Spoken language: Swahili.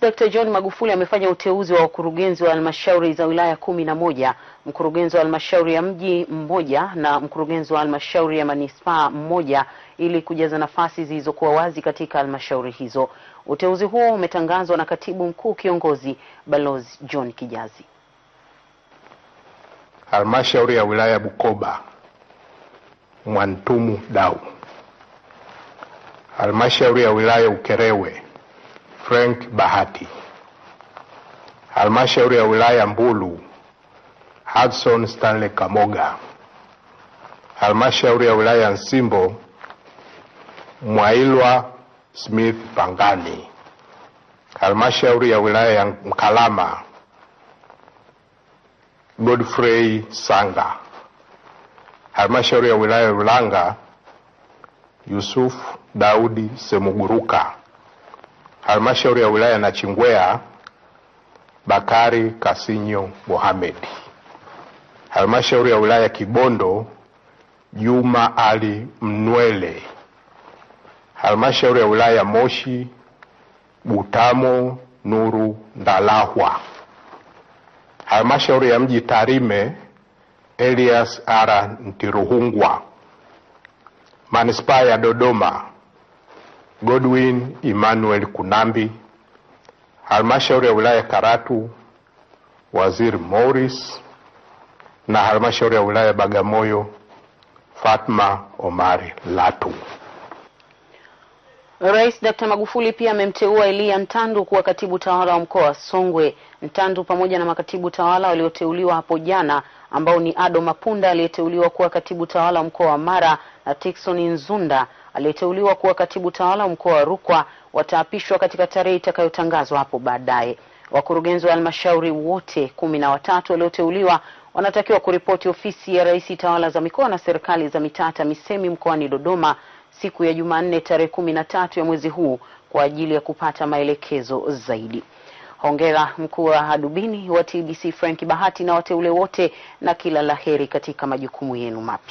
Dr. John Magufuli amefanya uteuzi wa wakurugenzi wa halmashauri za wilaya kumi na moja, mkurugenzi wa halmashauri ya mji mmoja na mkurugenzi wa halmashauri ya manispaa mmoja ili kujaza nafasi zilizokuwa wazi katika halmashauri hizo. Uteuzi huo umetangazwa na Katibu Mkuu Kiongozi Balozi John Kijazi. Halmashauri ya wilaya Bukoba, Mwantumu Dau. Halmashauri ya wilaya Ukerewe Frank Bahati. Halmashauri ya wilaya Mbulu, Hudson Stanley Kamoga. Halmashauri ya wilaya Nsimbo, Mwailwa Smith Pangani. Halmashauri ya wilaya ya Mkalama, Godfrey Sanga. Halmashauri ya wilaya ya Ulanga, Yusuf Daudi Semuguruka halmashauri ya wilaya Nachingwea Bakari Kasinyo Mohamed, halmashauri ya wilaya Kibondo Juma Ali Mnwele, halmashauri ya wilaya Moshi Butamo Nuru Ndalahwa, halmashauri ya mji Tarime Elias ara Ntiruhungwa, manispaa ya Dodoma Godwin Emmanuel Kunambi, halmashauri ya wilaya Karatu, Waziri Morris na halmashauri ya wilaya Bagamoyo Fatma Omari Latu. Rais Dr. Magufuli pia amemteua Elia Ntandu kuwa katibu tawala wa mkoa wa Songwe. Ntandu pamoja na makatibu tawala walioteuliwa hapo jana ambao ni Ado Mapunda aliyeteuliwa kuwa katibu tawala wa mkoa wa Mara na Tikson Nzunda aliyeteuliwa kuwa katibu tawala mkoa wa Rukwa wataapishwa katika tarehe itakayotangazwa hapo baadaye. Wakurugenzi wa halmashauri wote kumi na watatu walioteuliwa wanatakiwa kuripoti ofisi ya Rais tawala za mikoa na serikali za mitaa TAMISEMI mkoani Dodoma siku ya Jumanne tarehe kumi na tatu ya mwezi huu kwa ajili ya kupata maelekezo zaidi. Hongera mkuu wa hadubini wa TBC Frank Bahati na wateule wote, na kila laheri katika majukumu yenu mapya.